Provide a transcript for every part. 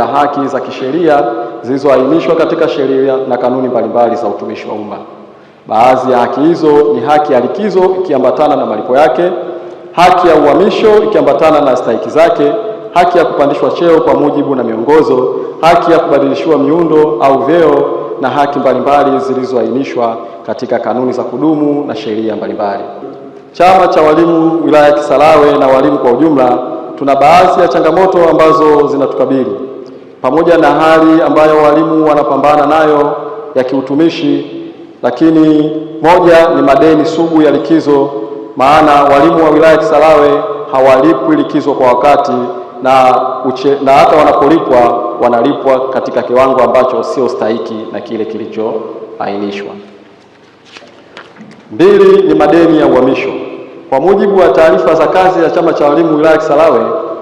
na haki za kisheria zilizoainishwa katika sheria na kanuni mbalimbali za utumishi wa umma. Baadhi ya haki hizo ni haki ya likizo ikiambatana na malipo yake, haki ya uhamisho ikiambatana na stahiki zake, haki ya kupandishwa cheo kwa mujibu na miongozo, haki ya kubadilishiwa miundo au vyeo na haki mbalimbali zilizoainishwa katika kanuni za kudumu na sheria mbalimbali. Chama cha walimu wilaya ya Kisarawe na walimu kwa ujumla, tuna baadhi ya changamoto ambazo zinatukabili pamoja na hali ambayo walimu wanapambana nayo ya kiutumishi, lakini moja ni madeni sugu ya likizo, maana walimu wa wilaya Kisarawe hawalipwi likizo kwa wakati na, uche, na hata wanapolipwa wanalipwa katika kiwango ambacho sio stahiki na kile kilichoainishwa. Mbili ni madeni ya uhamisho. Kwa mujibu wa taarifa za kazi ya chama cha walimu wilaya Kisarawe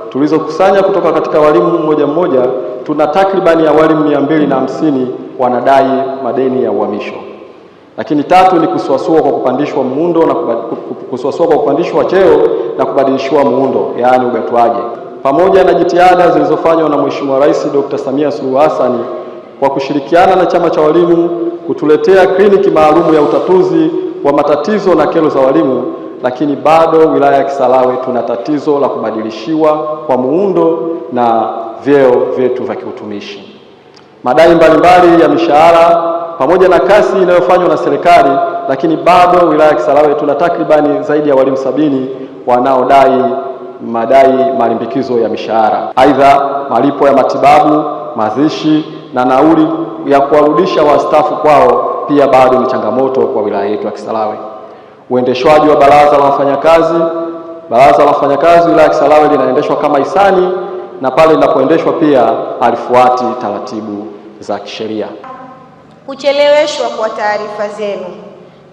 tulizokusanya kutoka katika walimu mmoja mmoja, tuna takribani ya walimu mia mbili na hamsini wanadai madeni ya uhamisho. Lakini tatu ni kusuasua kwa kupandishwa muundo na kusuasua kwa kupandishwa cheo na kubadilishiwa muundo, yaani ugatuaji, pamoja na jitihada zilizofanywa na Mheshimiwa Rais Dr. Samia Suluhu Hassan kwa kushirikiana na chama cha walimu kutuletea kliniki maalumu ya utatuzi wa matatizo na kero za walimu, lakini bado wilaya ya Kisarawe tuna tatizo la kubadilishiwa kwa muundo na vyeo vyetu vya kiutumishi. Madai mbalimbali ya mishahara pamoja na kasi inayofanywa na serikali, lakini bado wilaya ya Kisarawe tuna takribani zaidi ya walimu sabini wanaodai madai malimbikizo ya mishahara. Aidha, malipo ya matibabu, mazishi na nauli ya kuwarudisha wastaafu kwao pia bado ni changamoto kwa wilaya yetu ya Kisarawe. Uendeshwaji wa baraza la wafanyakazi. Baraza la wafanyakazi wilaya ya Kisarawe linaendeshwa kama hisani na pale linapoendeshwa pia alifuati taratibu za kisheria. Kucheleweshwa kwa taarifa zenu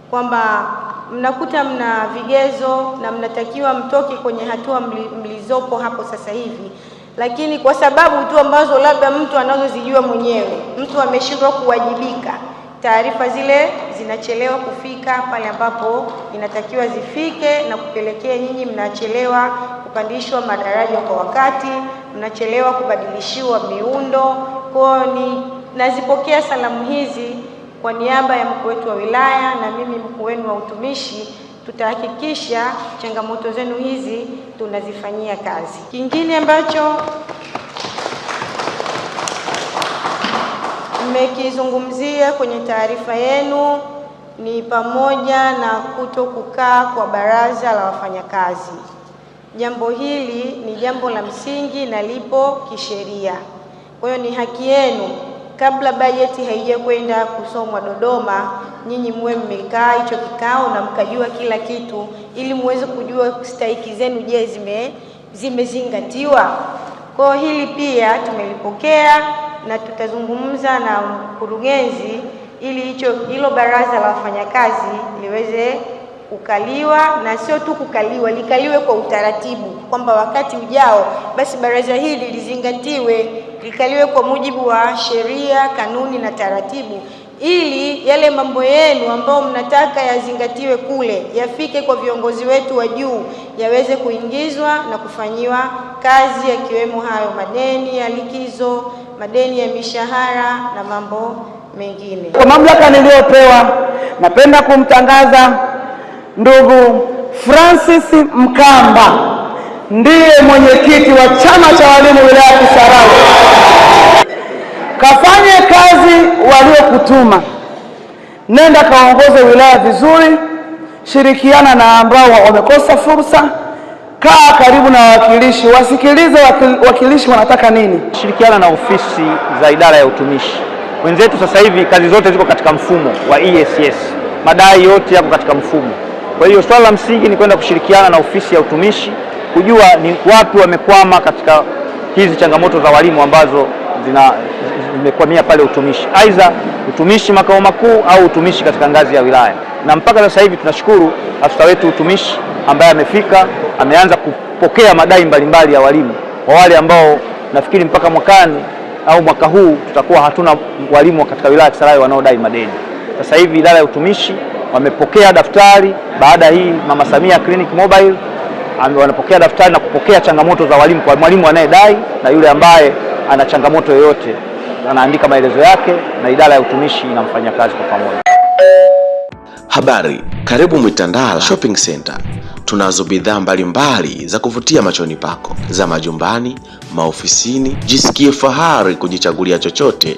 kwamba mnakuta mna vigezo na mnatakiwa mtoke kwenye hatua mlizopo hapo sasa hivi, lakini kwa sababu tu ambazo labda mtu anazozijua mwenyewe, mtu ameshindwa kuwajibika, taarifa zile zinachelewa kufika pale ambapo inatakiwa zifike, na kupelekea nyinyi mnachelewa kupandishwa madaraja kwa wakati mnachelewa kubadilishiwa miundo. kwao ni nazipokea salamu hizi kwa niaba ya mkuu wetu wa wilaya na mimi mkuu wenu wa utumishi, tutahakikisha changamoto zenu hizi tunazifanyia kazi. Kingine ambacho mmekizungumzia kwenye taarifa yenu ni pamoja na kuto kukaa kwa baraza la wafanyakazi. Jambo hili ni jambo la msingi na lipo kisheria. Kwa hiyo ni haki yenu, kabla bajeti haijakwenda kusomwa Dodoma, nyinyi muwe mmekaa hicho kikao na mkajua kila kitu, ili muweze kujua stahiki zenu, je, zime zimezingatiwa. Kwa hiyo hili pia tumelipokea na tutazungumza na mkurugenzi ili hicho hilo baraza la wafanyakazi liweze kukaliwa na sio tu kukaliwa, likaliwe kwa utaratibu, kwamba wakati ujao basi baraza hili lizingatiwe, likaliwe kwa mujibu wa sheria, kanuni na taratibu, ili yale mambo yenu ambayo mnataka yazingatiwe kule yafike kwa viongozi wetu wa juu, yaweze kuingizwa na kufanyiwa kazi, yakiwemo hayo madeni ya likizo, madeni ya mishahara na mambo mengine. Kwa mamlaka niliyopewa, napenda kumtangaza Ndugu Francis Mkamba ndiye mwenyekiti wa chama cha walimu wilaya ya Kisarawe. Kafanye kazi waliokutuma, nenda kaongoze wilaya vizuri, shirikiana na ambao wamekosa fursa, kaa karibu na wawakilishi, wasikilize wakilishi wanataka nini, shirikiana na ofisi za idara ya utumishi wenzetu. Sasa hivi kazi zote ziko katika mfumo wa ESS, madai yote yako katika mfumo kwa hiyo swala la msingi ni kwenda kushirikiana na ofisi ya utumishi kujua ni wapi wamekwama katika hizi changamoto za walimu ambazo zina zimekwamia pale utumishi, aidha utumishi makao makuu au utumishi katika ngazi ya wilaya. Na mpaka sasa hivi tunashukuru afisa wetu utumishi ambaye amefika ameanza kupokea madai mbalimbali ya walimu, kwa wale ambao nafikiri mpaka mwakani au mwaka huu tutakuwa hatuna walimu katika wilaya ya Kisarawe wanaodai madeni. Sasa hivi idara ya utumishi wamepokea daftari baada hii Mama Samia Clinic Mobile wanapokea daftari na kupokea changamoto za walimu kwa mwalimu anayedai na yule ambaye ana changamoto yoyote, anaandika maelezo yake na idara ya utumishi inamfanyia kazi kwa pamoja. Habari, karibu Mwitandala Shopping Center. Tunazo bidhaa mbalimbali za kuvutia machoni pako za majumbani, maofisini. Jisikie fahari kujichagulia chochote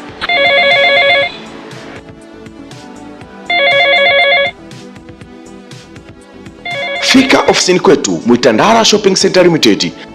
Fika ofisini kwetu Mwitandara Shopping Center Limited